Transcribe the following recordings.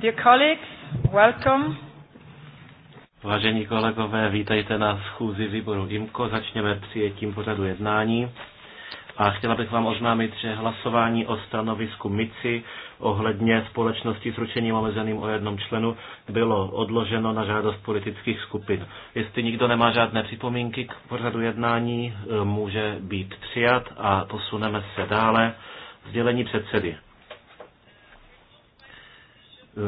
Dear colleagues, welcome. Vážení kolegové, vítejte na schůzi výboru IMKO. Začněme přijetím pořadu jednání. A chtěla bych vám oznámit, že hlasování o stanovisku MICI ohledně společnosti s ručením omezeným o jednom členu bylo odloženo na žádost politických skupin. Jestli nikdo nemá žádné připomínky k pořadu jednání, e, může být přijat a posuneme se dále. Sdělení předsedy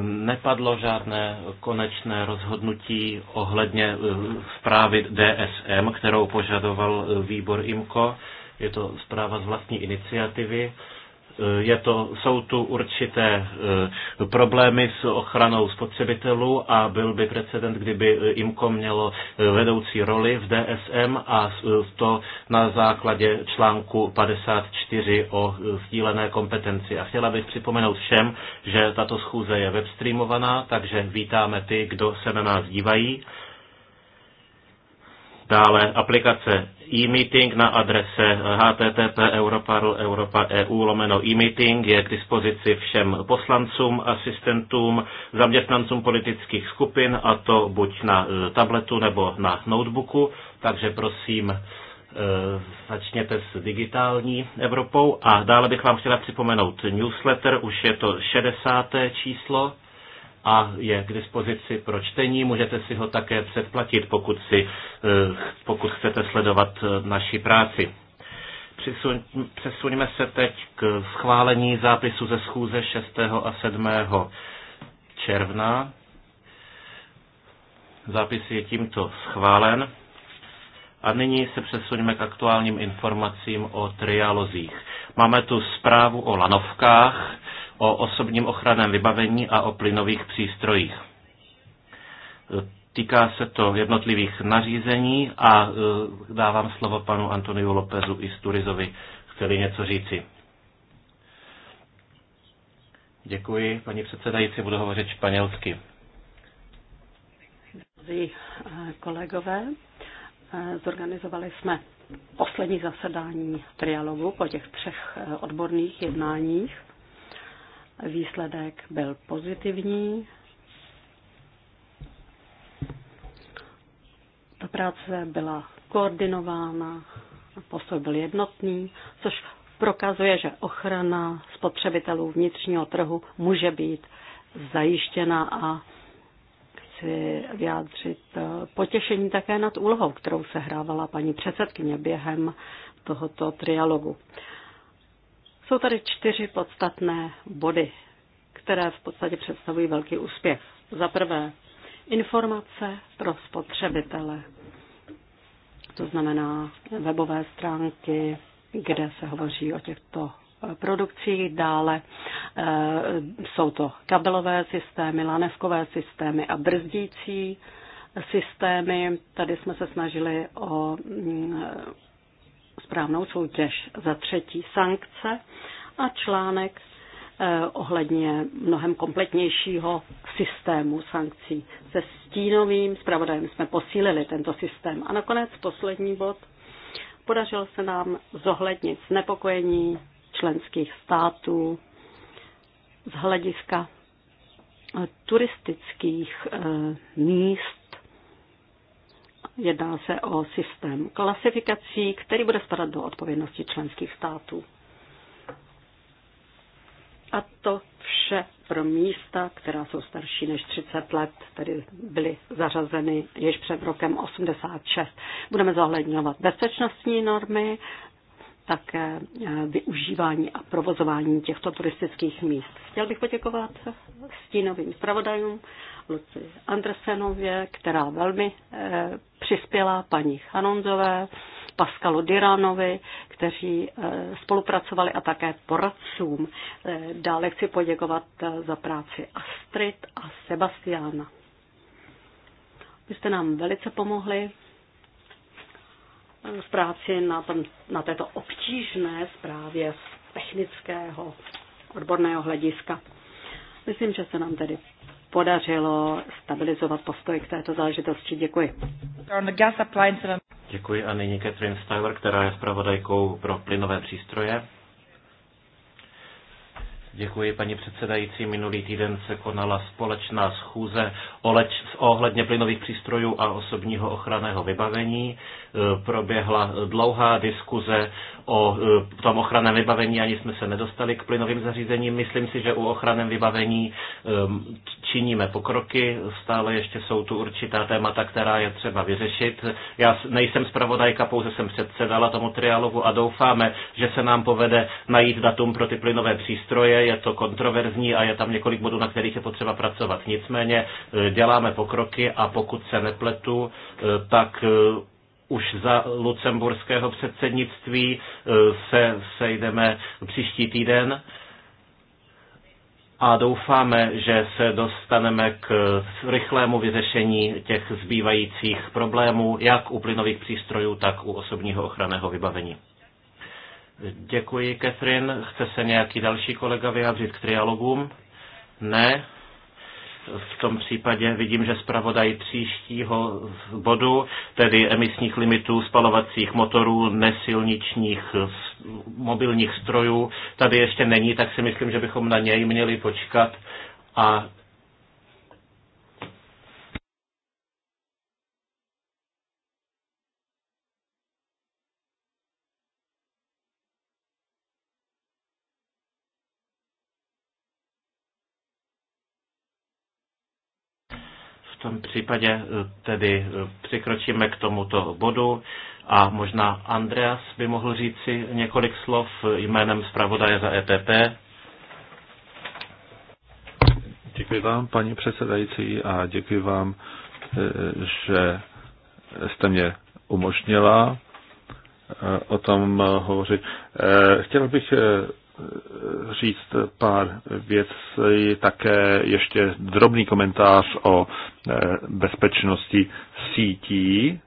nepadlo žádné konečné rozhodnutí ohledně eh, zprávy DSM, kterou požadoval eh, výbor IMCO. Je to zpráva z vlastní iniciativy je to, jsou tu určité e, problémy s ochranou spotřebitelů a byl by precedent, kdyby IMCO mělo e, vedoucí roli v DSM a e, to na základě článku 54 o sdílené kompetenci. A chtěla bych připomenout všem, že tato schůze je webstreamovaná, takže vítáme ty, kdo se na nás dívají Dále aplikace e-meeting na adrese http europarl.eu e lomeno e-meeting je k dispozici všem poslancům, asistentům, zaměstnancům politických skupin a to buď na e, tabletu nebo na notebooku, takže prosím e, začněte s digitální Evropou a dále bych vám chtěla připomenout newsletter, už je to 60. číslo a je k dispozici pro čtení. Můžete si ho také předplatit, pokud, si, eh, pokud chcete sledovat eh, naši práci. přesuňme se teď k schválení zápisu ze schůze 6. a 7. června. Zápis je tímto schválen. A nyní se přesuneme k aktuálním informacím o trialozích. Máme tu zprávu o lanovkách o osobním ochranném vybavení a o plynových přístrojích. Týká se to jednotlivých nařízení a e, dávám slovo panu Antoniu Lopezu i Sturizovi, chceli něco říci. Děkuji, paní předsedající, budu hovořit španělsky. Vy, e, kolegové, e, zorganizovali jsme poslední zasedání trialogu po těch třech odborných jednáních. Výsledek byl pozitivní. Ta práce byla koordinována, postoj byl jednotný, což prokazuje, že ochrana spotřebitelů vnitřního trhu může být zajištěna a chci vyjádřit eh, potěšení také nad úlohou, kterou se hrávala paní předsedkyně během tohoto trialogu. Jsou tady čtyři podstatné body, které v podstatě představují velký úspěch. Za prvé, informace pro spotřebitele. To znamená webové stránky, kde se hovoří o těchto eh, produkcích. Dále eh, jsou to kabelové systémy, lanevkové systémy a brzdící systémy. Tady jsme se snažili o mm, správnou soutěž. Za třetí sankce a článek eh, ohledně mnohem kompletnějšího systému sankcí. Se stínovým zpravodajem jsme posílili tento systém. A nakonec poslední bod. Podařilo se nám zohlednit znepokojení členských států z hlediska turistických eh, míst Jedná se o systém klasifikací, který bude spadat do odpovědnosti členských států. A to vše pro místa, která jsou starší než 30 let, tedy byly zařazeny již před rokem 86. Budeme zohledňovat bezpečnostní normy, také eh, využívání a provozování těchto turistických míst. Chtěl bych poděkovat stínovým zpravodajům Luci Andresenově, která velmi eh, přispěla, paní Chanonzové, Paskalu Diránovi, kteří eh, spolupracovali a také poradcům. Dále chci poděkovat za práci Astrid a Sebastiana. Vy jste nám velice pomohli v práci na, tom, na této obtížné zprávě z technického odborného hlediska. Myslím, že se nám tedy podařilo stabilizovat postoj k této záležitosti. Děkuji. Děkuji a nyní Catherine Styler, která je zpravodajkou pro plynové přístroje. Děkuji, paní předsedající. Minulý týden se konala společná schůze ohledně plynových přístrojů a osobního ochranného vybavení. E, proběhla dlouhá diskuze o e, tom ochranném vybavení ani jsme se nedostali k plynovým zařízením. Myslím si, že u ochranném vybavení e, činíme pokroky. Stále ještě jsou tu určitá témata, která je třeba vyřešit. Já nejsem zpravodajka, pouze jsem předsedala tomu trialogu a doufáme, že se nám povede najít datum pro ty plynové přístroje. Je to kontroverzní a je tam několik bodů, na kterých je potřeba pracovat. Nicméně e, děláme pokroky a pokud se nepletu, tak už za lucemburského předsednictví e, se sejdeme příští týden a doufáme, že se dostaneme k rychlému vyřešení těch zbývajících problémů, jak u plynových přístrojů, tak u osobního ochranného vybavení. Děkuji, Catherine. Chce se nějaký další kolega vyjádřit k trialogům? Ne. V tom případě vidím, že zpravodaj příštího bodu, tedy emisních limitů spalovacích motorů, nesilničních mobilních strojů, tady ještě není, tak si myslím, že bychom na něj měli počkat a případě eh, tedy eh, přikročíme k tomuto bodu a možná Andreas by mohl říci několik slov jménem zpravodaje za EPP. Děkuji vám, paní předsedající, a děkuji vám, eh, že jste mě umožnila o tom hovořit. Chtěl bych říct pár věcí, také ještě drobný komentář o eh, bezpečnosti sítí,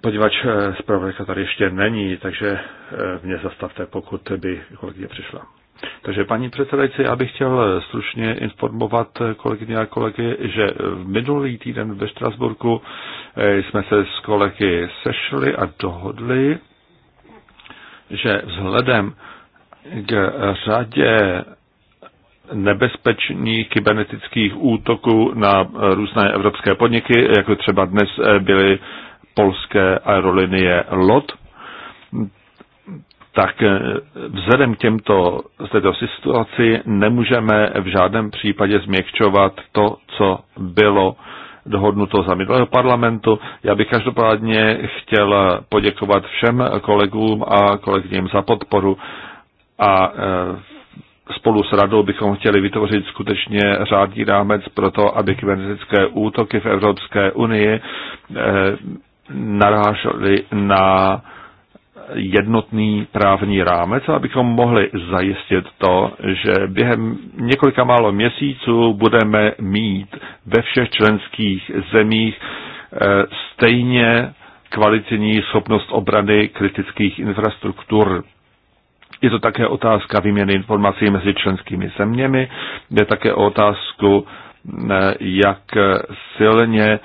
poněvadž eh, zpravodajka tady ještě není, takže eh, mě zastavte, pokud by kolegyně přišla. Takže paní předsedající, já bych chtěl slušně informovat kolegyně a kolegy, že v minulý týden ve Štrasburku jsme se s kolegy sešli a dohodli, že vzhledem k řadě nebezpečných kybernetických útoků na různé evropské podniky, jako třeba dnes eh, byly polské aerolinie LOT, tak eh, vzhledem k těmto z této situaci nemůžeme v žádném případě změkčovat to, co bylo dohodnuto za minulého parlamentu. Já bych každopádně chtěl poděkovat všem kolegům a kolegyním za podporu a e, spolu s radou bychom chtěli vytvořit skutečně řádný rámec pro to, aby kybernetické útoky v Evropské unii e, narážely na jednotný právní rámec, abychom mohli zajistit to, že během několika málo měsíců budeme mít ve všech členských zemích eh, stejně kvalitní schopnost obrany kritických infrastruktur. Je to také otázka výměny informací mezi členskými zeměmi, Je také o otázku, eh, jak silně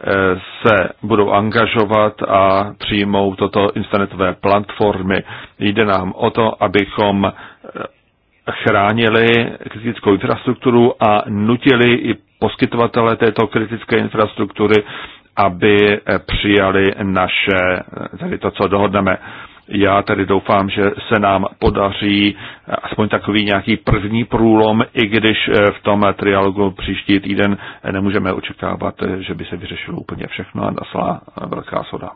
Eh, se budou angažovat a přijmou toto internetové platformy. Jde nám o to, abychom eh, chránili kritickou infrastrukturu a nutili i poskytovatele této kritické infrastruktury, aby eh, přijali naše, tedy to, co dohodneme. Já tedy doufám, že se nám podaří aspoň takový nějaký první průlom, i když eh, v tom trialogu příští týden eh, nemůžeme očekávat, eh, že by se vyřešilo úplně všechno a nasla velká soda.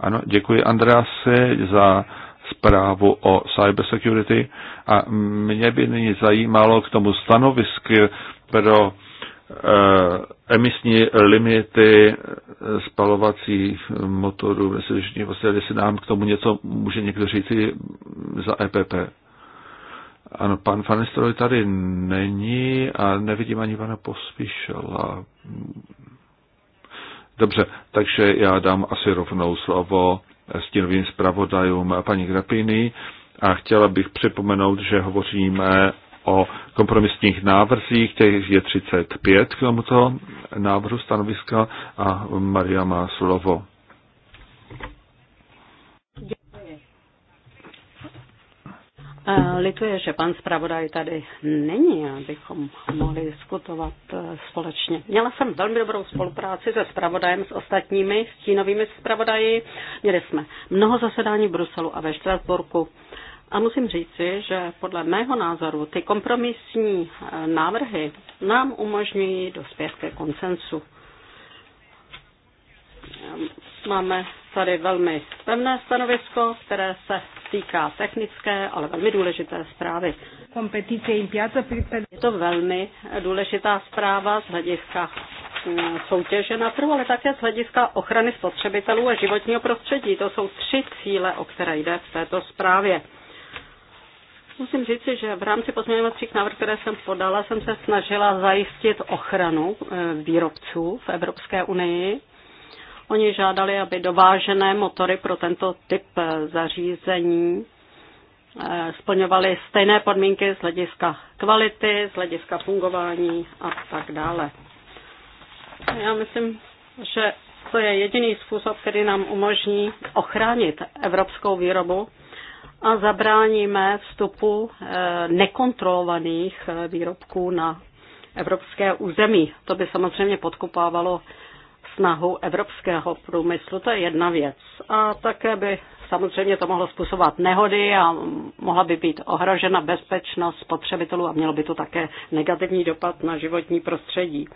Ano, děkuji Andreasi za zprávu o cybersecurity a mě by nyní zajímalo k tomu stanovisky pro Eh, emisní limity spalovacích motorů ve silničních vlastně jestli nám k tomu něco může někdo říci za EPP. Ano, pan Fanestroj tady není a nevidím ani pana Pospíšela. Dobře, takže já dám asi rovnou slovo stínovým zpravodajům paní Grapiny a chtěla bych připomenout, že hovoříme o kompromisních návrzích, těch je 35 k tomuto návrhu stanoviska a Maria má slovo. Eh, lituje, že pan zpravodaj tady není, abychom mohli diskutovat eh, společně. Měla jsem velmi dobrou spolupráci se zpravodajem, s ostatními stínovými zpravodaji. Měli jsme mnoho zasedání v Bruselu a ve Štrasburku. A musím říci, že podle mého názoru ty kompromisní eh, návrhy nám umožňují dospět ke koncensu. Ehm, máme tady velmi pevné stanovisko, které se týká technické, ale velmi důležité zprávy. Je to velmi důležitá zpráva z hlediska mm, soutěže na trhu, ale také z hlediska ochrany spotřebitelů a životního prostředí. To jsou tři cíle, o které jde v této zprávě. Musím říct, že v rámci pozměňovacích návrhů, které jsem podala, jsem se snažila zajistit ochranu e, výrobců v Evropské unii. Oni žádali, aby dovážené motory pro tento typ e, zařízení e, splňovaly stejné podmínky z hlediska kvality, z hlediska fungování a tak dále. Já myslím, že to je jediný způsob, který nám umožní ochránit evropskou výrobu a zabráníme vstupu eh, nekontrolovaných eh, výrobků na evropské území. To by samozřejmě podkopávalo snahu evropského průmyslu. To je jedna věc. A také by samozřejmě to mohlo způsobovat nehody a mohla by být ohrožena bezpečnost spotřebitelů a mělo by to také negativní dopad na životní prostředí.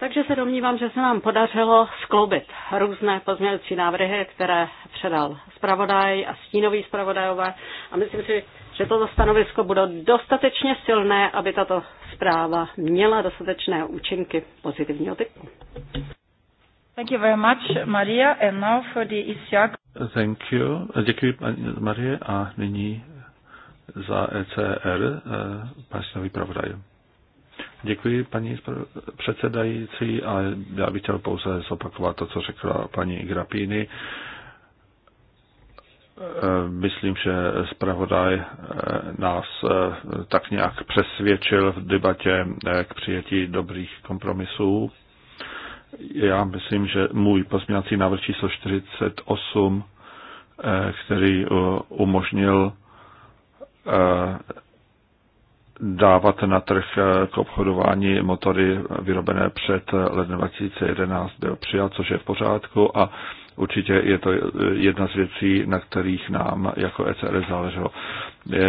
Takže se domnívám, že se nám podařilo skloubit různé pozměňovací návrhy, které předal zpravodaj a stínový zpravodajové. A myslím si, že toto stanovisko bude dostatečně silné, aby tato zpráva měla dostatečné účinky pozitivního typu. Thank you very much, Maria. And now for the ISIAC. Thank you. Děkuji, Marie. A nyní za ECR, eh, páčnový pravodaj. Děkuji, paní předsedající, a já bych chtěl pouze zopakovat to, co řekla paní Grapíny. Myslím, že zpravodaj nás tak nějak přesvědčil v debatě k přijetí dobrých kompromisů. Já myslím, že můj pozměňovací návrh číslo 48, který umožnil dávat na trh eh, k obchodování motory vyrobené před eh, lednem 2011 byl přijat, což je v pořádku a určitě je to eh, jedna z věcí, na kterých nám jako ECR záleželo.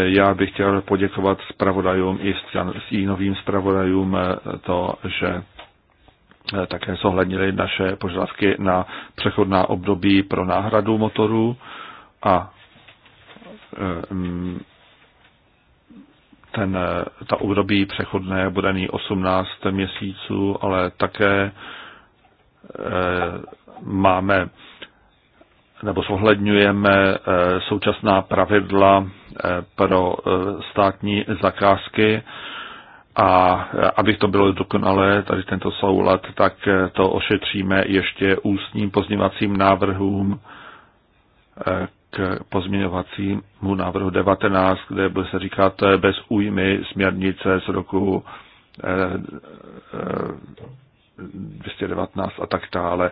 Já bych chtěl poděkovat zpravodajům i s novým zpravodajům to, že také zohlednili naše požadavky na přechodná období pro náhradu motorů a ten, ta období přechodné bude mít 18 měsíců, ale také e, máme nebo zohledňujeme eh, současná pravidla eh, pro státní zakázky a abych to bylo dokonalé, tady tento soulad, tak to ošetříme ještě ústním pozněvacím návrhům k pozměňovacímu návrhu 19, kde bude se říkat bez újmy směrnice z roku 219 eh, eh, eh, a tak dále.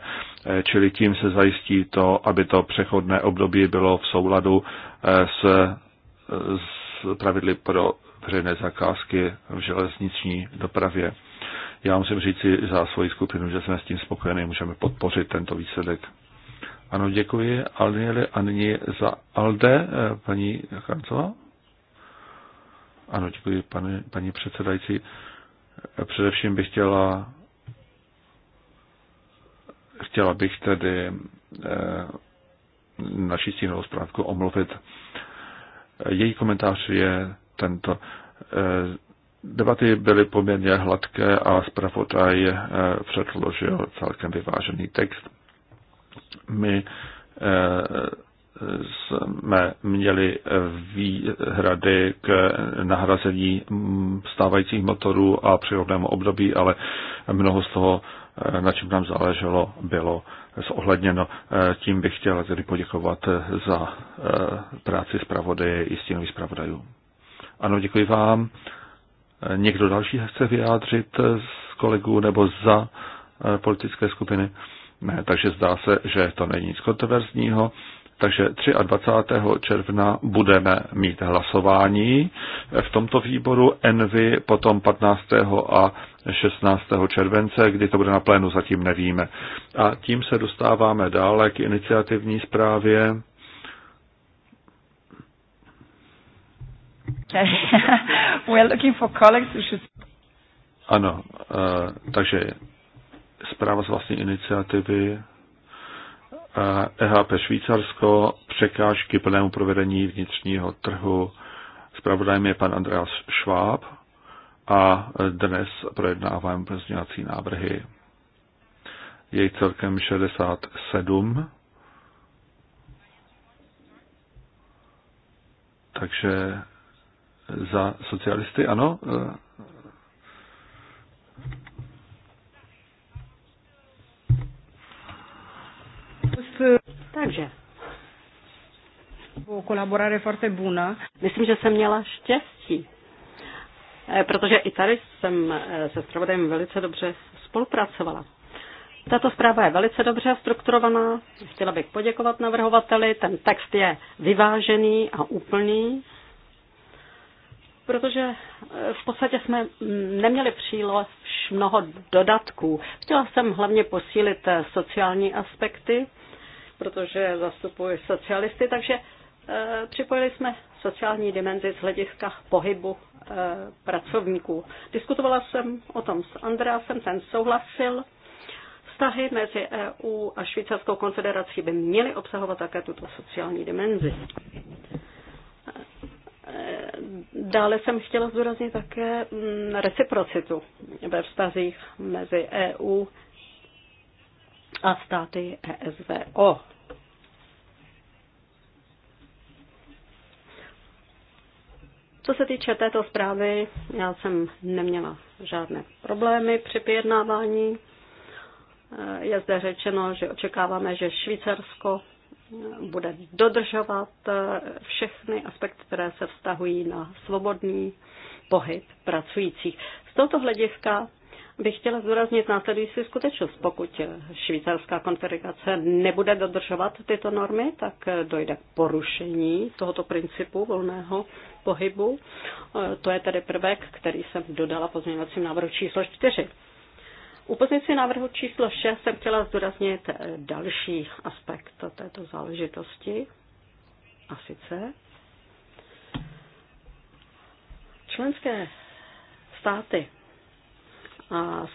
Čili tím se zajistí to, aby to přechodné období bylo v souladu s, s pravidly pro veřejné zakázky v železniční dopravě. Já musím říci za svoji skupinu, že jsme s tím spokojeni, můžeme podpořit tento výsledek. Ano, děkuji. Alniele a nyní za Alde, eh, paní Chancová. Ano, děkuji, pane, paní předsedající. Eh, především bych chtěla, chtěla bych tedy e, naši stínovou zprávku omluvit. Její komentář je tento. E, debaty byly poměrně hladké a zpravodaj předložil celkem vyvážený text my eh, jsme měli výhrady k nahrazení stávajících motorů a přírodnému období, ale mnoho z toho, eh, na čem nám záleželo, bylo zohledněno. Eh, tím bych chtěl tedy poděkovat za práci zpravodaje i stínových zpravodajů. Ano, děkuji vám. Někdo další chce vyjádřit z kolegů nebo za politické skupiny? takže zdá se, že to není nic kontroverzního. Takže 23. června budeme mít hlasování v tomto výboru Envy potom 15. a 16. července, kdy to bude na plénu, zatím nevíme. A tím se dostáváme dále k iniciativní zprávě. We're looking for colleagues who should... Ano, eh, takže zpráva z vlastní iniciativy EHP Švýcarsko, překážky plnému provedení vnitřního trhu. Spravodajem je pan Andreas Schwab a dnes projednáváme pozměňovací návrhy. Je jich celkem 67. Takže za socialisty, ano, Takže. Kolaborare forte buna. Myslím, že jsem měla štěstí, eh, protože i tady jsem eh, se zpravodajem velice dobře spolupracovala. Tato zpráva je velice dobře strukturovaná. Chtěla bych poděkovat navrhovateli. Ten text je vyvážený a úplný, protože eh, v podstatě jsme mm, neměli příliš mnoho dodatků. Chtěla jsem hlavně posílit sociální aspekty protože zastupuji socialisty, takže eh, připojili jsme sociální dimenzi z hlediska pohybu eh, pracovníků. Diskutovala jsem o tom s Andreasem, ten souhlasil. Vztahy mezi EU a Švýcarskou konfederací by měly obsahovat také tuto sociální dimenzi. Eh, dále jsem chtěla zdůraznit také mm, reciprocitu ve vztazích mezi EU a státy ESVO. Co se týče této zprávy, já jsem neměla žádné problémy při vyjednávání. Je zde řečeno, že očekáváme, že Švýcarsko bude dodržovat všechny aspekty, které se vztahují na svobodný pohyb pracujících. Z tohoto hlediska bych chtěla zdůraznit následující skutečnost. Pokud švýcarská konfederace nebude dodržovat tyto normy, tak dojde k porušení tohoto principu volného pohybu. To je tedy prvek, který jsem dodala pozměňovacím návrhu číslo 4. U pozici návrhu číslo 6 jsem chtěla zdůraznit další aspekt této záležitosti. A sice členské státy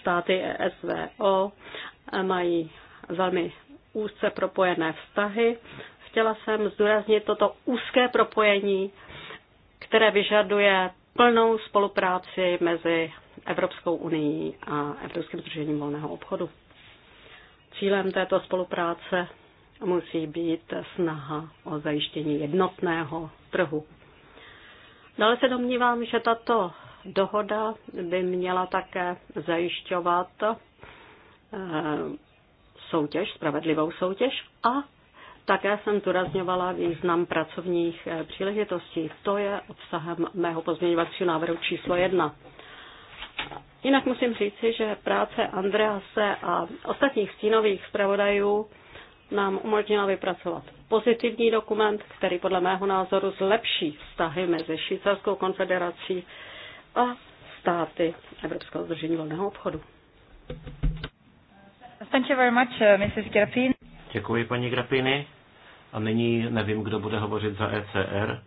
státy ESVO mají velmi úzce propojené vztahy. Chtěla jsem zdůraznit toto úzké propojení, které vyžaduje plnou spolupráci mezi Evropskou unii a Evropským združením volného obchodu. Cílem této spolupráce musí být snaha o zajištění jednotného trhu. Dále se domnívám, že tato Dohoda by měla také zajišťovat eh, soutěž, spravedlivou soutěž a také jsem zdůrazňovala význam pracovních eh, příležitostí. To je obsahem mého pozměňovacího návrhu číslo jedna. Jinak musím říci, že práce Andrease a ostatních stínových zpravodajů nám umožnila vypracovat pozitivní dokument, který podle mého názoru zlepší vztahy mezi Švýcarskou konfederací a státy Evropského združení volného obchodu. Thank you very much, uh, Mrs. Grapin. Děkuji, paní Grapiny. A nyní nevím, kdo bude hovořit za ECR.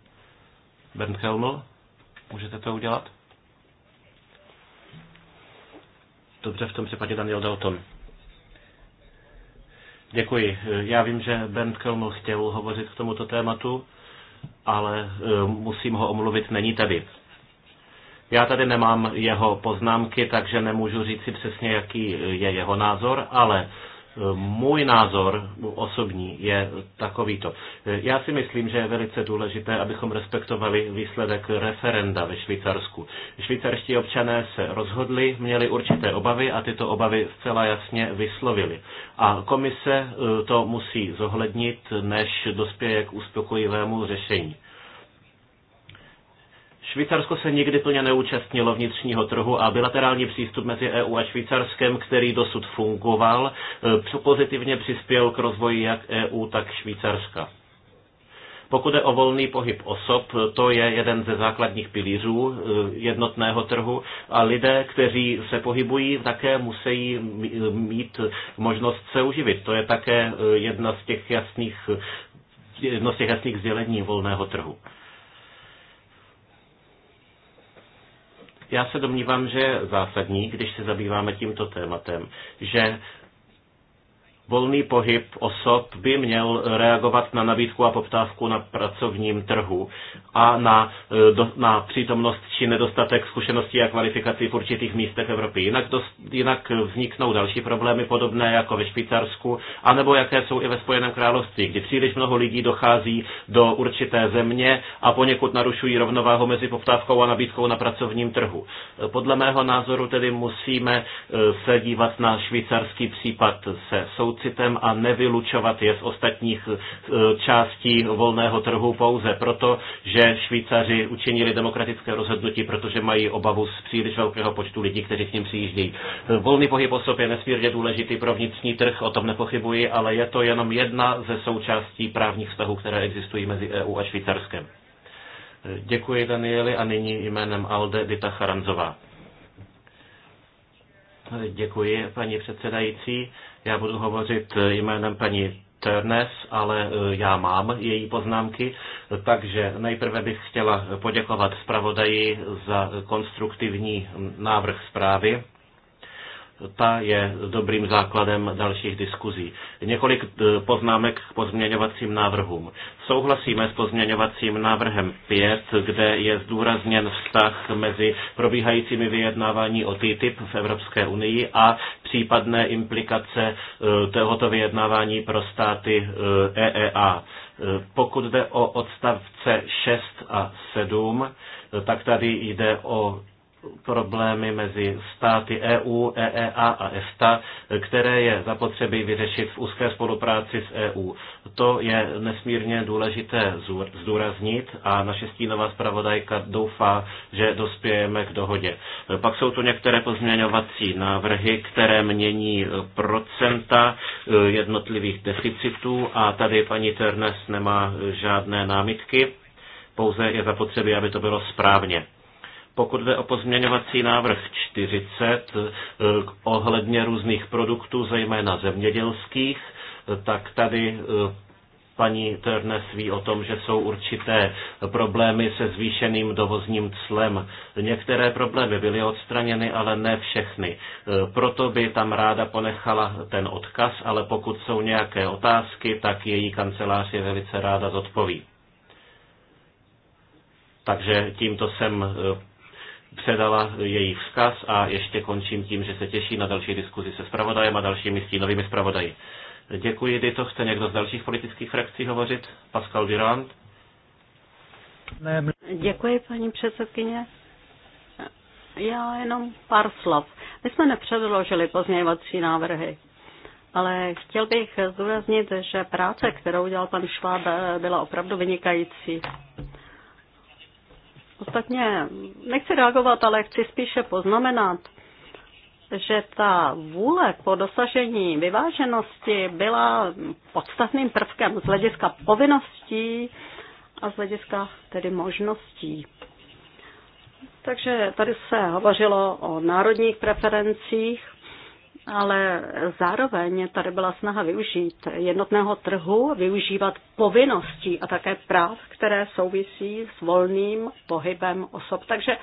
Bernd Kelml, můžete to udělat? Dobře, v tom případě Daniel Dalton. Děkuji. Já vím, že Bernd Kelml chtěl hovořit k tomuto tématu, ale eh, musím ho omluvit, není tady. Já tady nemám jeho poznámky, takže nemůžu říct si přesně, jaký je jeho názor, ale e, můj názor osobní je takovýto. E, já si myslím, že je velice důležité, abychom respektovali výsledek referenda ve Švýcarsku. Švýcarští občané se rozhodli, měli určité obavy a tyto obavy zcela jasně vyslovili. A komise e, to musí zohlednit, než dospěje k uspokojivému řešení. Švýcarsko se nikdy plně neúčastnilo vnitřního trhu a bilaterální přístup mezi EU a Švýcarskem, který dosud fungoval, eh, pozitivně přispěl k rozvoji jak EU, tak Švýcarska. Pokud je o volný pohyb osob, to je jeden ze základních pilířů eh, jednotného trhu a lidé, kteří se pohybují, také musí mít možnost se uživit. To je také eh, jedna z těch jasných, jedno z těch jasných sdělení volného trhu. Já se domnívám, že je zásadní, když se zabýváme tímto tématem, že volný pohyb osob by měl reagovat na nabídku a poptávku na pracovním trhu a na, e, do, na přítomnost či nedostatek zkušeností a kvalifikací v určitých místech Evropy. Jinak, dost, jinak vzniknou další problémy podobné jako ve Švýcarsku, anebo jaké jsou i ve Spojeném království, kdy příliš mnoho lidí dochází do určité země a poněkud narušují rovnováhu mezi poptávkou a nabídkou na pracovním trhu. E, podle mého názoru tedy musíme e, se dívat na švýcarský případ se soud soucitem a nevylučovat je z ostatních eh, částí volného trhu pouze proto, že Švýcaři učinili demokratické rozhodnutí, protože mají obavu z příliš velkého počtu lidí, kteří k ním přijíždějí. Eh, volný pohyb osob je nesmírně důležitý pro vnitřní trh, o tom nepochybuji, ale je to jenom jedna ze součástí právních vztahů, které existují mezi EU a Švýcarskem. Eh, děkuji Danieli a nyní jménem Alde Dita Charanzová. Děkuji, paní předsedající. Já budu hovořit eh, jménem paní Turnes, ale eh, já mám její poznámky, takže nejprve bych chtěla poděkovat zpravodaji za konstruktivní návrh zprávy ta je dobrým základem dalších diskuzí. Několik e, poznámek k pozměňovacím návrhům. Souhlasíme s pozměňovacím návrhem 5, kde je zdůrazněn vztah mezi probíhajícími vyjednávání o TTIP v Evropské unii a případné implikace e, tohoto vyjednávání pro státy EEA. E pokud jde o odstavce 6 a 7, tak tady jde o problémy mezi státy EU, EEA a EFTA, e které je zapotřebí vyřešit v úzké spolupráci s EU. To je nesmírně důležité zdůraznit a naše stínová zpravodajka doufá, že dospějeme k dohodě. Pak jsou tu některé pozměňovací návrhy, které mění procenta eh, jednotlivých deficitů a tady paní Ternes nemá žádné námitky, pouze je zapotřebí, aby to bylo správně. Pokud jde o pozměňovací návrh 40 eh, ohledně různých produktů, zejména zemědělských, eh, tak tady eh, paní Törnes ví o tom, že jsou určité problémy se zvýšeným dovozním clem. Některé problémy byly odstraněny, ale ne všechny. Proto by tam ráda ponechala ten odkaz, ale pokud jsou nějaké otázky, tak její kancelář je velice ráda zodpoví. Takže tímto jsem předala její vzkaz a ještě končím tím, že se těší na další diskuzi se zpravodajem a dalšími stínovými zpravodaji. Děkuji, Dito. Chce někdo z dalších politických frakcí hovořit? Pascal Durand? Děkuji, paní předsedkyně. Já jenom pár slov. My jsme nepředložili pozměňovací návrhy, ale chtěl bych zdůraznit, že práce, kterou dělal pan Šváb, byla opravdu vynikající. Ostatně nechci reagovat, ale chci spíše poznamenat, že ta vůle po dosažení vyváženosti byla podstatným prvkem z hlediska povinností a z hlediska tedy možností. Takže tady se hovořilo o národních preferencích ale zároveň tady byla snaha využít jednotného trhu, využívat povinností a také práv, které souvisí s volným pohybem osob. Takže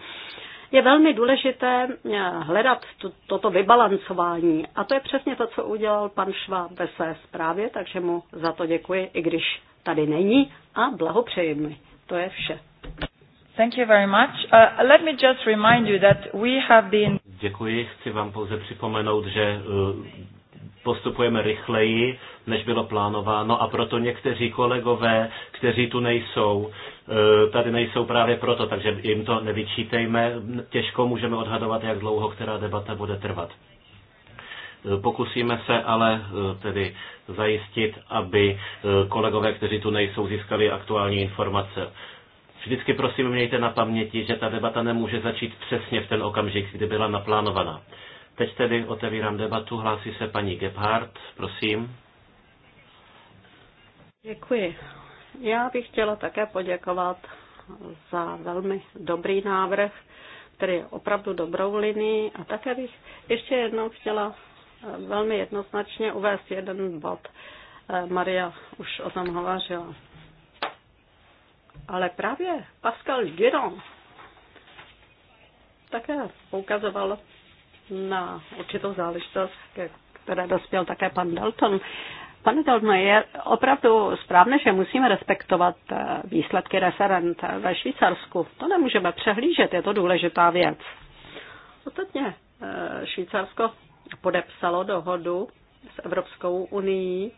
je velmi důležité eh, hledat toto vybalancování. A to je přesně to, co udělal pan Šváb ve své zprávě, takže mu za to děkuji, i když tady není a blahopřeji To je vše. Thank you very much. Uh, let me just remind you that we have been... Děkuji, chci vám pouze připomenout, že uh, postupujeme rychleji, než bylo plánováno a proto někteří kolegové, kteří tu nejsou, uh, tady nejsou právě proto, takže jim to nevyčítejme. Těžko můžeme odhadovat, jak dlouho která debata bude trvat. Pokusíme se ale tedy zajistit, aby kolegové, kteří tu nejsou, získali aktuální informace. Vždycky prosím mějte na paměti, že ta debata nemůže začít přesně v ten okamžik, kdy byla naplánovaná. Teď tedy otevírám debatu, hlásí se paní Gebhardt, prosím. Děkuji. Já bych chtěla také poděkovat za velmi dobrý návrh, který je opravdu dobrou linii a také bych ještě jednou chtěla eh, velmi jednoznačně uvést jeden bod. Eh, Maria už o tom hovořila. Ale právě Pascal Giron také poukazoval na určitou záležitost, které dospěl také pan Dalton. Pane Dalton, je opravdu správné, že musíme respektovat eh, výsledky referent ve Švýcarsku. To nemůžeme přehlížet, je to důležitá věc. Ostatně eh, Švýcarsko podepsalo dohodu s Evropskou unii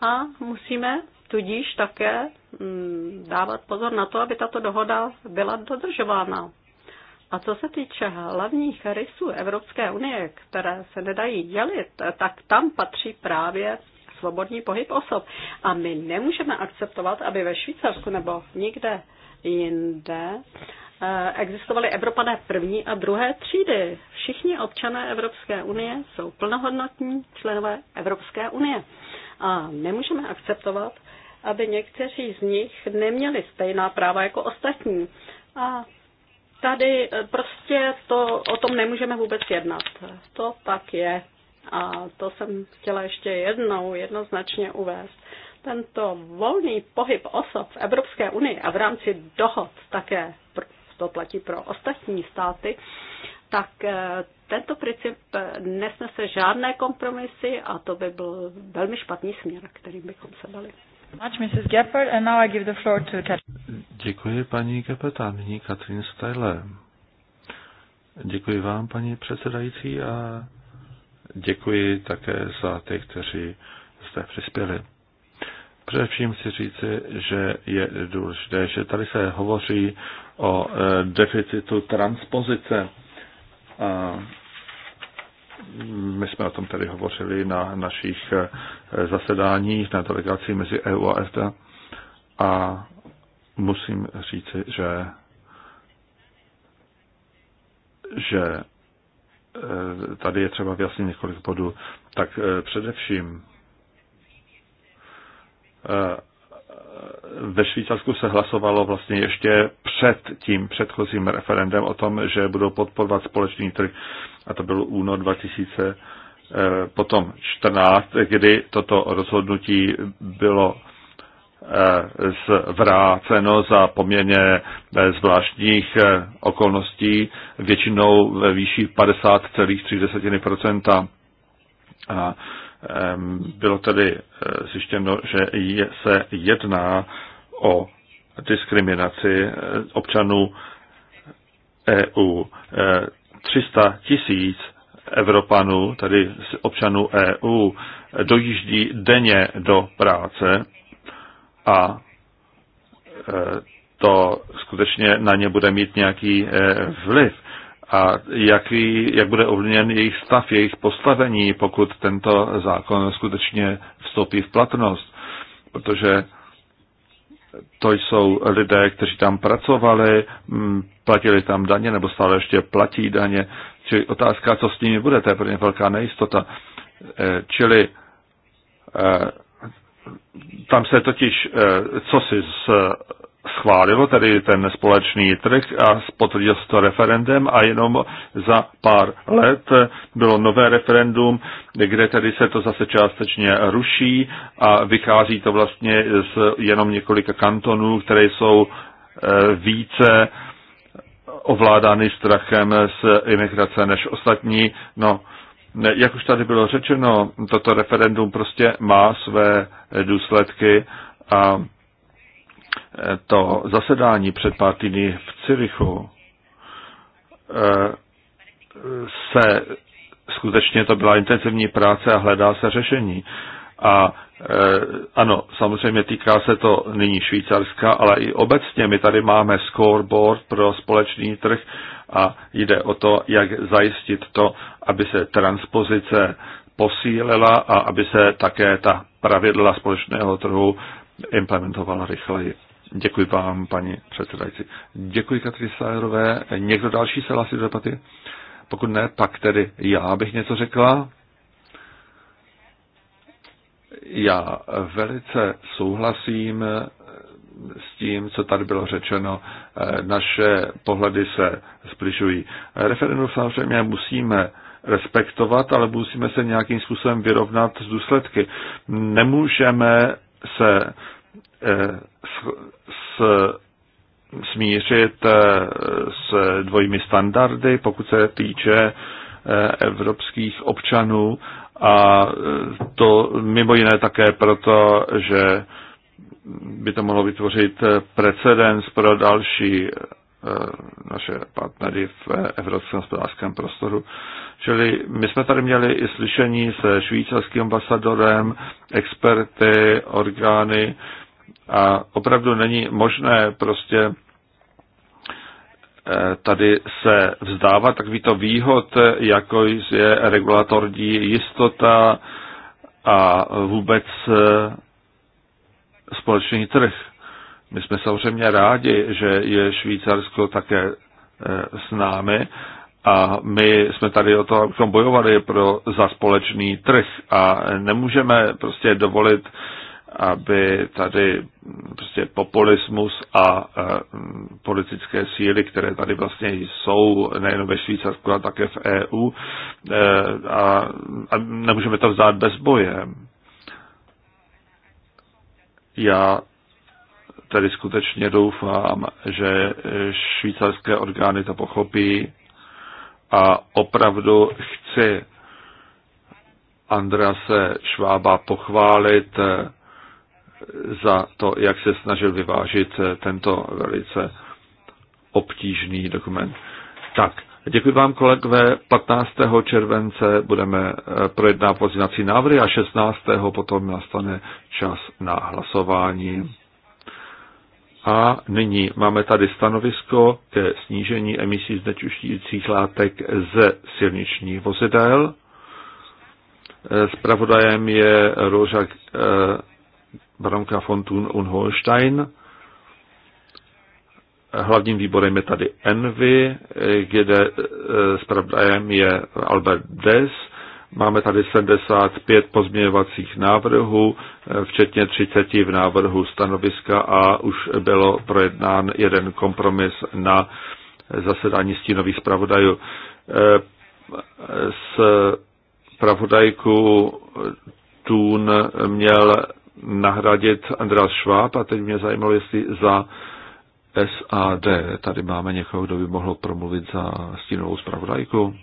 a musíme tudíž také mm, dávat pozor na to, aby tato dohoda byla dodržována. A co se týče hlavních rysů Evropské unie, které se nedají dělit, tak tam patří právě svobodný pohyb osob. A my nemůžeme akceptovat, aby ve Švýcarsku nebo nikde jinde eh, existovaly Evropané první a druhé třídy. Všichni občané Evropské unie jsou plnohodnotní členové Evropské unie. A nemůžeme akceptovat, aby někteří z nich neměli stejná práva jako ostatní. A tady eh, prostě to, o tom nemůžeme vůbec jednat. To tak je. A to jsem chtěla ještě jednou jednoznačně uvést. Tento volný pohyb osob v Evropské unii a v rámci dohod také, to platí pro ostatní státy, tak eh, tento princip eh, nesnese žádné kompromisy a to by byl velmi špatný směr, kterým bychom se dali. Děkuji paní Gepard nyní Katrin Steyle. Děkuji vám, paní předsedající, a děkuji také za ty, kteří jste přispěli. Především chci říci, že je důležité, že tady se hovoří o eh, deficitu transpozice. A my jsme o tom tady hovořili na našich eh, zasedáních na delegaci mezi EU a EFTA a musím říci, že že eh, tady je třeba vyjasnit několik bodů, tak eh, především ve Švýcarsku se hlasovalo vlastně ještě před tím předchozím referendem o tom, že budou podporovat společný trh. A to byl únor 2000, eh, potom 14, kdy toto rozhodnutí bylo eh, zvráceno za poměrně eh, zvláštních okolností, většinou ve výši 50,3%. A bylo tedy eh, zjištěno, že se jedná o diskriminaci eh, občanů EU. 300 eh, tisíc Evropanů, tedy občanů EU, dojíždí denně do práce a to skutečně na ně bude mít nějaký vliv a jaký, jak bude ovlivněn jejich stav, jejich postavení, pokud tento zákon skutečně vstoupí v platnost. Protože to jsou lidé, kteří tam pracovali, mm, platili tam daně nebo stále ještě platí daně. Čili otázka, co s nimi bude, to je pro ně velká nejistota. E, čili e, tam se totiž e, co si z schválilo tedy ten společný trh a potvrdil se to referendem a jenom za pár let bylo nové referendum, kde tedy se to zase částečně ruší a vychází to vlastně z jenom několika kantonů, které jsou e, více ovládány strachem z imigrace než ostatní. No, jak už tady bylo řečeno, toto referendum prostě má své důsledky a to zasedání před pár týdny v Cirichu eh, se skutečně to byla intenzivní práce a hledá se řešení. A eh, ano, samozřejmě týká se to nyní Švýcarska, ale i obecně my tady máme scoreboard pro společný trh a jde o to, jak zajistit to, aby se transpozice posílila a aby se také ta pravidla společného trhu implementovala rychleji. Děkuji vám, paní předsedající. Děkuji Katry Sajerové. Někdo další se hlásí do debaty? Pokud ne, pak tedy já bych něco řekla. Já velice souhlasím s tím, co tady bylo řečeno. Naše pohledy se spližují. Referendum samozřejmě musíme respektovat, ale musíme se nějakým způsobem vyrovnat s důsledky. Nemůžeme se eh, s, smířit eh, s dvojmi standardy, pokud se týče eh, evropských občanů a to mimo jiné také proto, že by to mohlo vytvořit precedens pro další Eh, naše partnery v Evropském hospodářském prostoru. Čili my jsme tady měli i slyšení se švýcarským ambasadorem, experty, orgány a opravdu není možné prostě eh, tady se vzdávat takovýto výhod, jako je regulatorní jistota a vůbec eh, společný trh. My jsme samozřejmě rádi, že je Švýcarsko také eh, s námi a my jsme tady o to, abychom bojovali pro, za společný trh a nemůžeme prostě dovolit, aby tady prostě populismus a eh, politické síly, které tady vlastně jsou nejen ve Švýcarsku, ale také v EU, eh, a, a nemůžeme to vzát bez boje. Já tedy skutečně doufám, že švýcarské orgány to pochopí a opravdu chci Andrase Švába pochválit za to, jak se snažil vyvážit tento velice obtížný dokument. Tak, děkuji vám kolegové. 15. července budeme eh, projednávat pozinací návrhy a 16. potom nastane čas na hlasování. A nyní máme tady stanovisko ke snížení emisí znečišťujících látek ze silničních vozidel. Spravodajem e, je eh, Baronka von Thun und Holstein. Hlavním výborem je tady Envy, e, kde spravodajem e, je Albert Des Máme tady 75 pozměňovacích návrhů, eh, včetně 30 v návrhu stanoviska a už bylo projednán jeden kompromis na eh, zasedání stínových zpravodajů. Eh, s pravodajku Tun měl nahradit Andreas Schwab a teď mě zajímalo, jestli za SAD tady máme někoho, kdo by mohl promluvit za stínovou zpravodajku.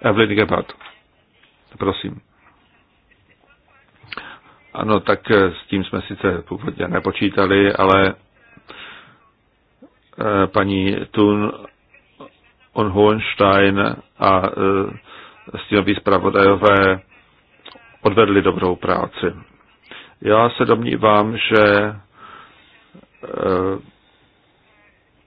Evelyn Gebhardt. Prosím. Ano, tak eh, s tím jsme sice původně nepočítali, ale eh, paní Thun on Hohenstein a eh, stínoví zpravodajové odvedli dobrou práci. Já se domnívám, že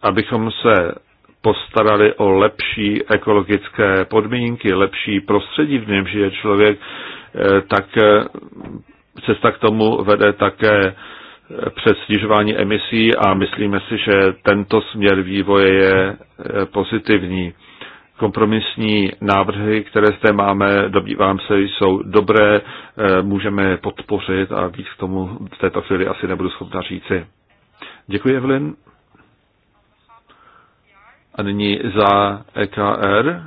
abychom se postarali o lepší ekologické podmínky, lepší prostředí, v něm žije člověk, eh, tak eh, cesta k tomu vede také eh, přes snižování emisí a myslíme si, že tento směr vývoje je pozitivní. Kompromisní návrhy, které zde máme, dobývám se, jsou dobré, můžeme je podpořit a víc k tomu v této chvíli asi nebudu schopna říci. Děkuji, Evelyn. A nyní za EKR,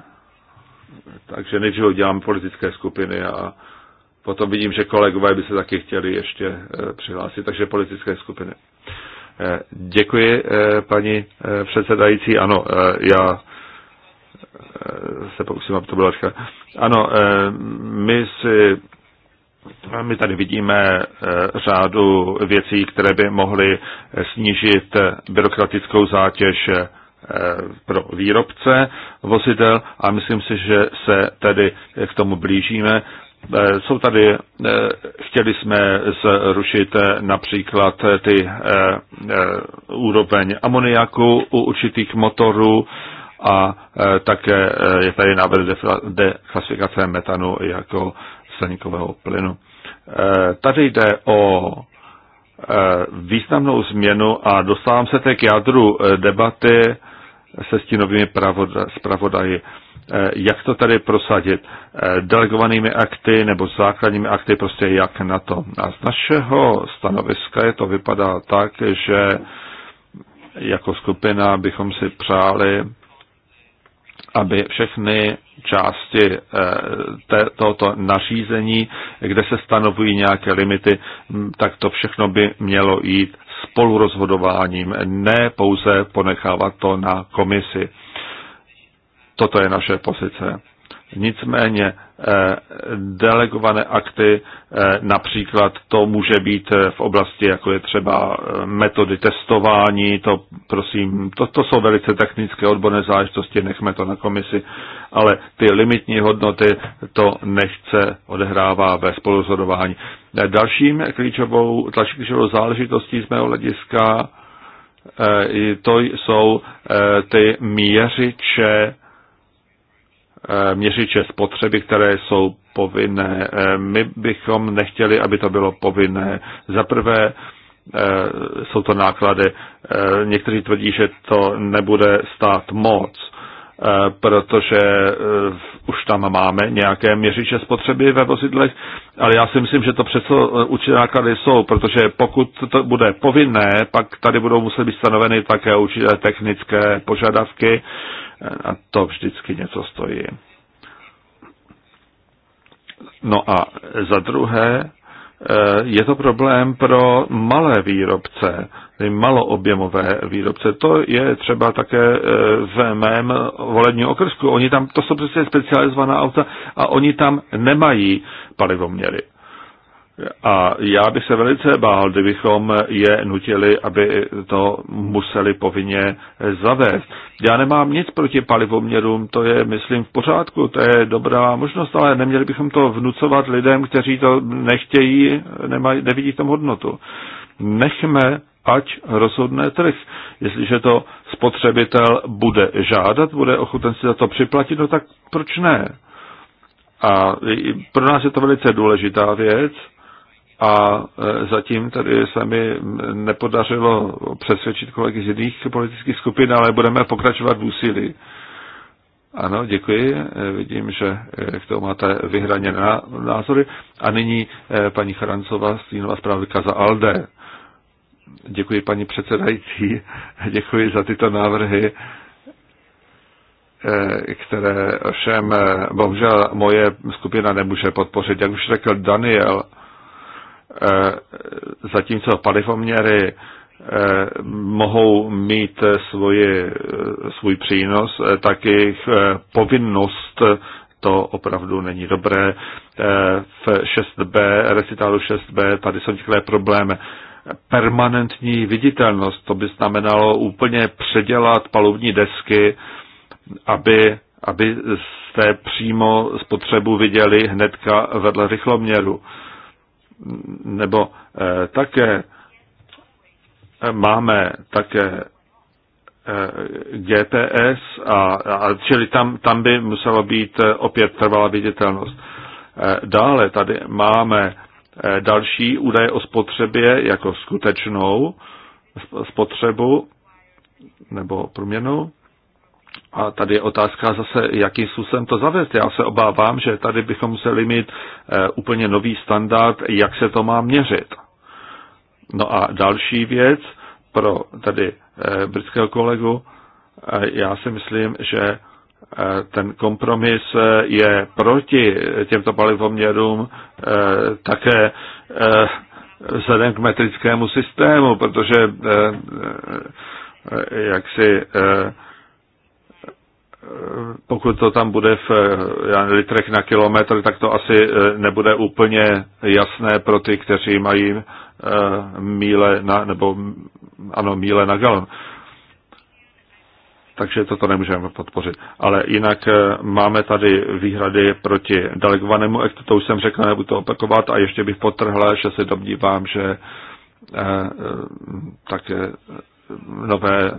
takže nejdřív dělám politické skupiny a potom vidím, že kolegové by se taky chtěli ještě e, přihlásit, takže politické skupiny. E, děkuji, e, paní předsedající. Ano, já se pokusím, aby to bylo rychle. Ano, my si my tady vidíme řádu věcí, které by mohly snížit byrokratickou zátěž Eh, pro výrobce vozidel a myslím si, že se tedy k tomu blížíme. Eh, jsou tady, eh, chtěli jsme zrušit například ty úroveň amoniaku u určitých motorů a také je tady návrh deklasifikace metanu jako silníkového plynu. Tady jde o Eh, významnou změnu a dostávám se teď k jádru eh, debaty se stínovými zpravodaji. Eh, jak to tady prosadit? Delegovanými akty nebo základními akty, prostě jak na to? A z našeho stanoviska je to vypadá tak, že jako skupina bychom si přáli, aby všechny části eh, tohoto nařízení, kde se stanovují nějaké limity, tak to všechno by mělo jít spolurozhodováním, ne pouze ponechávat to na komisi. Toto je naše pozice. Nicméně Eh, delegované akty, eh, například to může být eh, v oblasti, jako je třeba metody testování, to prosím, to, to jsou velice technické odborné záležitosti, nechme to na komisi, ale ty limitní hodnoty to nechce odehrává ve spoluzhodování. Dalším klíčovou, další klíčovou záležitostí z mého hlediska to jsou ty měřiče Eh, měřiče spotřeby, které jsou povinné. Eh, my bychom nechtěli, aby to bylo povinné. Za prvé eh, jsou to náklady. Někteří tvrdí, že to nebude stát moc. Eh, protože eh, už tam máme nějaké měřiče spotřeby ve vozidlech, ale já si myslím, že to přece eh, určité náklady jsou, protože pokud to bude povinné, pak tady budou muset být stanoveny také určité technické požadavky a to vždycky něco stojí. No a za druhé, Eh, je to problém pro malé výrobce, maloobjemové výrobce. To je třeba také eh, v mém volebním okrsku. Oni tam, to jsou přesně specializovaná auta a oni tam nemají palivoměry. A já bych se velice bál, kdybychom je nutili, aby to museli povinně zavést. Já nemám nic proti palivoměrům, to je, myslím, v pořádku, to je dobrá možnost, ale neměli bychom to vnucovat lidem, kteří to nechtějí, nemaj, nevidí v tom hodnotu. Nechme ať rozhodne trh. Jestliže to spotřebitel bude žádat, bude ochoten si za to připlatit, no tak proč ne? A pro nás je to velice důležitá věc a e, zatím tady se mi nepodařilo přesvědčit kolegy z jiných politických skupin, ale budeme pokračovat v úsilí. Ano, děkuji. E, vidím, že e, k tomu máte vyhraněné názory. A nyní paní Charancová, stínová zpravodajka za ALDE. Děkuji paní předsedající, děkuji za tyto návrhy, které všem bohužel moje skupina nemůže podpořit. Jak už řekl Daniel, Eh, zatímco palivoměry eh, mohou mít svoji, eh, svůj přínos, tak jejich povinnost to opravdu není dobré. V 6b, recitálu 6b, tady jsou takové problémy. Permanentní viditelnost, to by znamenalo úplně předělat palubní desky, aby, aby jste přímo spotřebu viděli hnedka vedle rychloměru nebo eh, také eh, máme také eh, GPS, a, a, čili tam, tam by muselo být opět trvalá viditelnost. Dále tady máme další údaje o spotřebě jako skutečnou spotřebu nebo průměrnou. A tady je otázka zase, jakým způsobem to zavést. Já se obávám, že tady bychom museli mít eh, úplně nový standard, jak se to má měřit. No a další věc pro tady eh, britského kolegu, eh, já si myslím, že ten kompromis je proti těmto palivoměrům také vzhledem k metrickému systému, protože jak si pokud to tam bude v litrech na kilometr, tak to asi eh, nebude úplně jasné pro ty, kteří mají eh, míle na, nebo ano, míle na galon. Takže toto nemůžeme podpořit. Ale jinak eh, máme tady výhrady proti delegovanému aktu, to už jsem řekl, nebudu to opakovat a ještě bych potrhl, že se domnívám, že také nové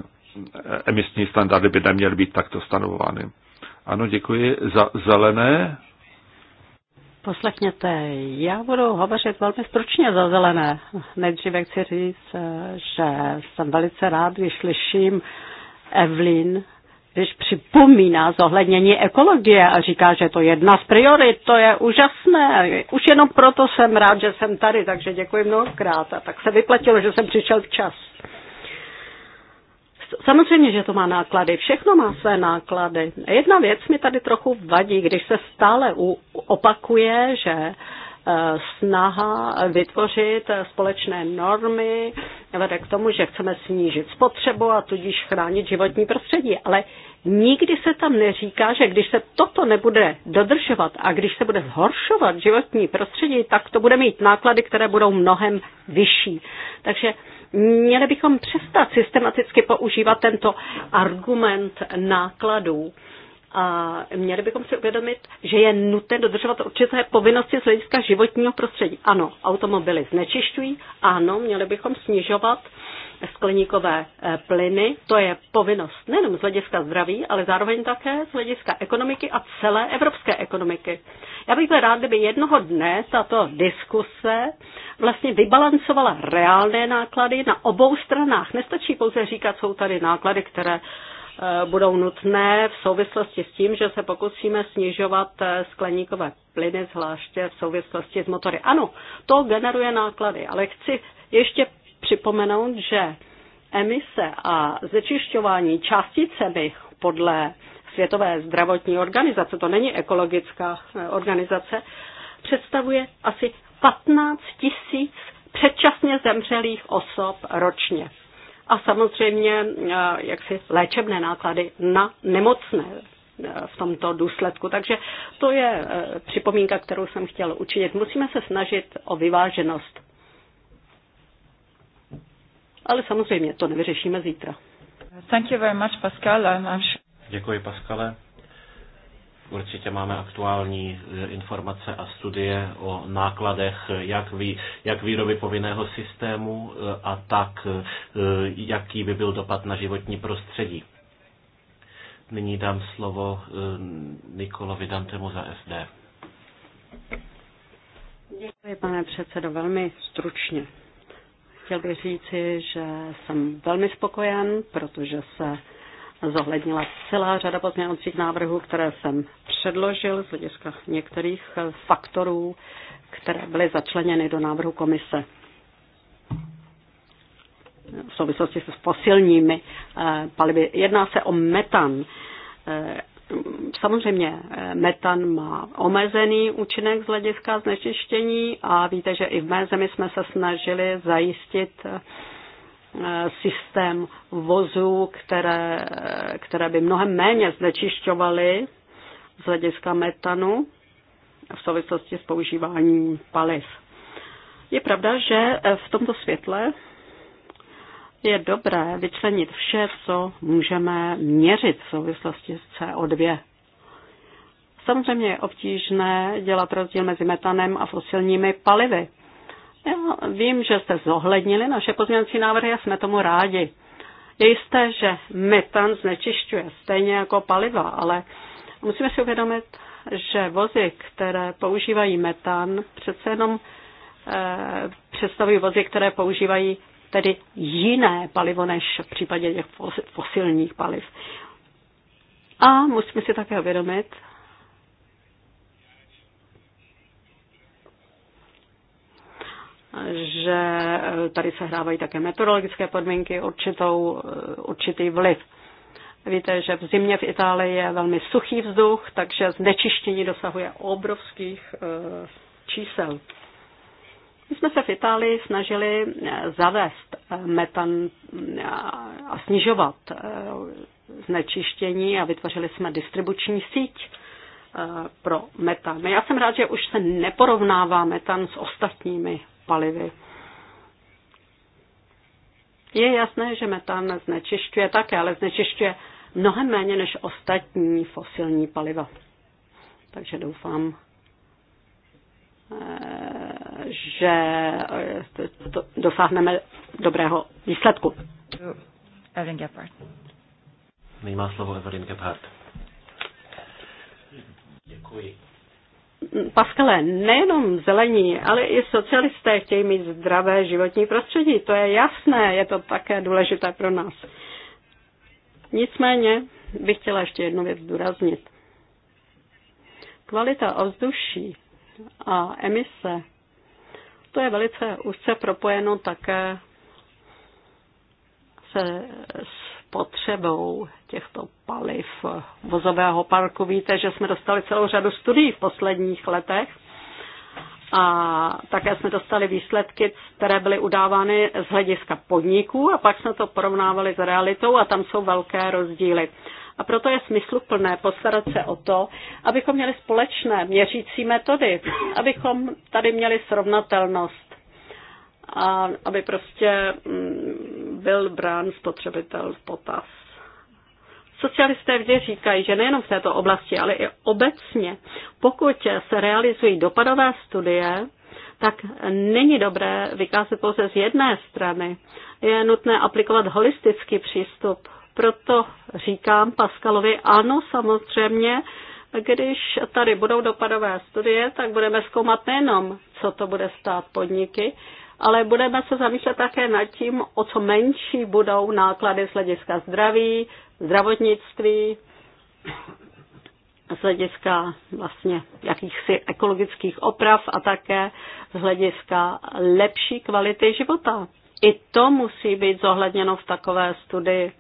emisní standardy by neměly být takto stanovovány. Ano, děkuji. Za zelené. Poslechněte, já budu hovořit velmi stručně za zelené. Nejdříve chci říct, že jsem velice rád, když slyším Evelyn, když připomíná zohlednění ekologie a říká, že to je jedna z priorit, to je úžasné. Už jenom proto jsem rád, že jsem tady, takže děkuji mnohokrát. A tak se vyplatilo, že jsem přišel včas. Samozřejmě, že to má náklady, všechno má své náklady. Jedna věc mi tady trochu vadí, když se stále opakuje, že eh, snaha vytvořit eh, společné normy vede k tomu, že chceme snížit spotřebu a tudíž chránit životní prostředí. Ale nikdy se tam neříká, že když se toto nebude dodržovat a když se bude zhoršovat životní prostředí, tak to bude mít náklady, které budou mnohem vyšší. Takže Měli bychom přestat systematicky používat tento argument nákladů a měli bychom si uvědomit, že je nutné dodržovat určité povinnosti z hlediska životního prostředí. Ano, automobily znečišťují, ano, měli bychom snižovat uh, skleníkové eh, plyny. To je povinnost nejen z hlediska zdraví, ale zároveň také z hlediska ekonomiky a celé evropské ekonomiky. Já bych byl rád, kdyby jednoho dne tato diskuse vlastně vybalancovala reálné náklady na obou stranách. Nestačí pouze říkat, jsou tady náklady, které eh, budou nutné v souvislosti s tím, že se pokusíme snižovat eh, skleníkové plyny, zvláště v souvislosti s motory. Ano, to generuje náklady, ale chci ještě připomenout, že emise a zečišťování částicemi podle Světové zdravotní organizace, to není ekologická eh, organizace, představuje asi 15 tisíc předčasně zemřelých osob ročně. A samozřejmě eh, jaksi léčebné náklady na nemocné eh, v tomto důsledku. Takže to je připomínka, kterou jsem chtěl učinit. Musíme se snažit o vyváženost ale samozřejmě to nevyřešíme zítra. Thank you very much, Pascal. I'm sure... Děkuji, Pascale. Určitě máme aktuální eh, informace a studie o nákladech jak, vý, jak výroby povinného systému eh, a tak, eh, jaký by byl dopad na životní prostředí. Nyní dám slovo Nikolovi Dantemu za SD. Děkuji, pane předsedo, velmi stručně. Chtěl bych říci, že jsem velmi spokojen, protože se zohlednila celá řada pozměňovacích návrhů, které jsem předložil z hlediska některých faktorů, které byly začleněny do návrhu komise v souvislosti s fosilními eh, palivy. Jedná se o metan eh, Samozřejmě eh, metan má omezený účinek z hlediska znečištění a víte, že i v mé zemi jsme se snažili zajistit eh, systém vozů, které, eh, které by mnohem méně znečišťovaly z hlediska metanu v souvislosti s používáním paliv. Je pravda, že v tomto světle Vlastně je dobré vyčlenit vše, co můžeme měřit v souvislosti s CO2. Samozřejmě je obtížné dělat rozdíl mezi metanem a fosilními palivy. Já vím, že jste zohlednili naše pozměňovací návrhy a jsme tomu rádi. Je jisté, že metan znečišťuje stejně jako paliva, ale musíme si uvědomit, že vozy, které používají metan, přece jenom e, představují vozy, které používají tedy jiné palivo než v případě těch fosilních paliv. A musíme si také uvědomit, že tady se hrávají také meteorologické podmínky, určitou, určitý vliv. Víte, že v zimě v Itálii je velmi suchý vzduch, takže znečištění dosahuje obrovských eh, čísel. My jsme se v Itálii snažili eh, zavést eh, metan eh, a snižovat znečištění a vytvořili jsme distribuční síť pro metan. Já jsem rád, že už se neporovnává metan s ostatními palivy. Je jasné, že metan znečišťuje také, ale znečišťuje mnohem méně než ostatní fosilní paliva. Takže doufám, že eh, to dosáhneme dobrého výsledku. Evelyn Gephardt. Nyní má slovo Evelyn Gephardt. Děkuji. Paskale, nejenom zelení, ale i socialisté chtějí mít zdravé životní prostředí. To je jasné, je to také důležité pro nás. Nicméně bych chtěla ještě jednu věc zdůraznit. Kvalita ovzduší a emise to je velice úzce propojeno také se spotřebou těchto paliv vozového parku. Víte, že jsme dostali celou řadu studií v posledních letech a také jsme dostali výsledky, které byly udávány z hlediska podniků a pak jsme to porovnávali s realitou a tam jsou velké rozdíly. A proto je smysluplné postarat se o to, abychom měli společné měřící metody, abychom tady měli srovnatelnost a aby prostě mm, byl brán spotřebitel v potaz. Socialisté vždy říkají, že nejenom v této oblasti, ale i obecně, pokud se realizují dopadové studie, tak není dobré vykázat pouze z jedné strany. Je nutné aplikovat holistický přístup proto říkám Paskalovi, ano, samozřejmě, když tady budou dopadové studie, tak budeme zkoumat nejenom, co to bude stát podniky, ale budeme se zamýšlet také nad tím, o co menší budou náklady z hlediska zdraví, zdravotnictví, z hlediska vlastně jakýchsi ekologických oprav a také z hlediska lepší kvality života. I to musí být zohledněno v takové studii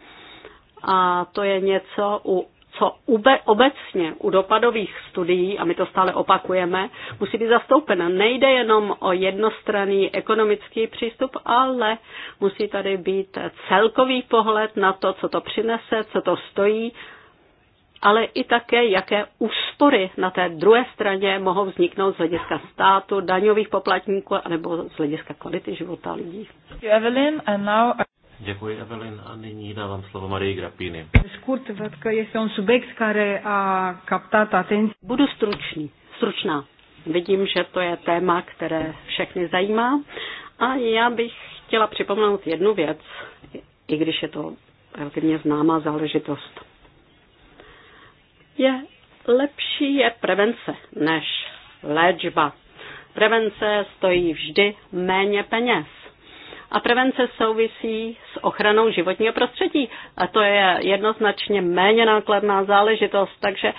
a to je něco, u, co ube, obecně u dopadových studií, a my to stále opakujeme, musí být zastoupeno. Nejde jenom o jednostranný ekonomický přístup, ale musí tady být celkový pohled na to, co to přinese, co to stojí, ale i také, jaké úspory na té druhé straně mohou vzniknout z hlediska státu, daňových poplatníků nebo z hlediska kvality života lidí. Evelyn, and now... Děkuji, Evelyn. A nyní dávám slovo Marii Grapíny. Scurt, je to subjekt, který a care a captat Budu stručný, stručná. Vidím, že to je téma, které všechny zajímá. A já bych chtěla připomenout jednu věc, i když je to relativně známá záležitost. Je lepší je prevence než léčba. Prevence stojí vždy méně peněz a prevence souvisí s ochranou životního prostředí. A to je jednoznačně méně nákladná záležitost, takže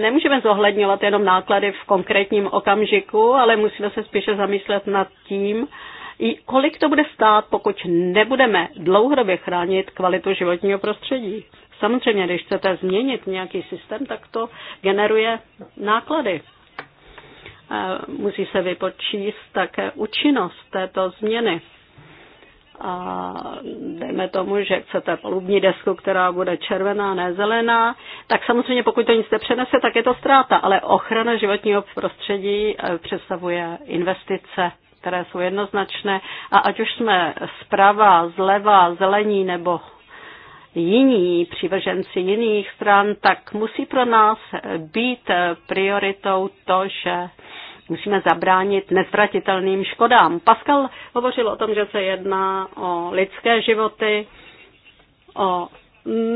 nemůžeme zohledňovat jenom náklady v konkrétním okamžiku, ale musíme se spíše zamyslet nad tím, kolik to bude stát, pokud nebudeme dlouhodobě chránit kvalitu životního prostředí. Samozřejmě, když chcete změnit nějaký systém, tak to generuje náklady. Musí se vypočíst také účinnost této změny a dejme tomu, že chcete palubní desku, která bude červená, ne zelená, tak samozřejmě pokud to nic nepřenese, tak je to ztráta, ale ochrana životního prostředí eh, představuje investice které jsou jednoznačné a ať už jsme zprava, zleva, zelení nebo jiní přívrženci jiných stran, tak musí pro nás být prioritou to, že musíme zabránit nezvratitelným škodám. Pascal hovořil o tom, že se jedná o lidské životy, o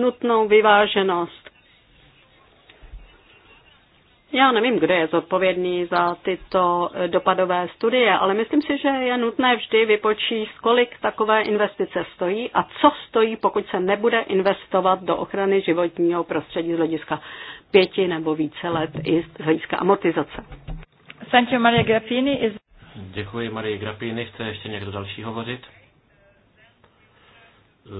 nutnou vyváženost. Já nevím, kdo je zodpovědný za tyto dopadové studie, ale myslím si, že je nutné vždy vypočíst, kolik takové investice stojí a co stojí, pokud se nebude investovat do ochrany životního prostředí z hlediska pěti nebo více let i z hlediska amortizace. Thank you, Maria Grappini. Is... Děkuji, Marie Grappini. Chce ještě někdo další hovořit?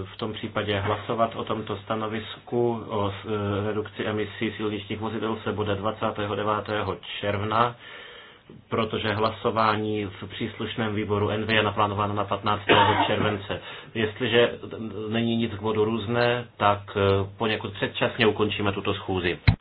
v tom případě hlasovat o tomto stanovisku o e, redukci emisí silničních vozidel se bude 29. června, protože hlasování v příslušném výboru NV je naplánováno na 15. července. Jestliže není nic k bodu různé, tak e, poněkud předčasně ukončíme tuto schůzi.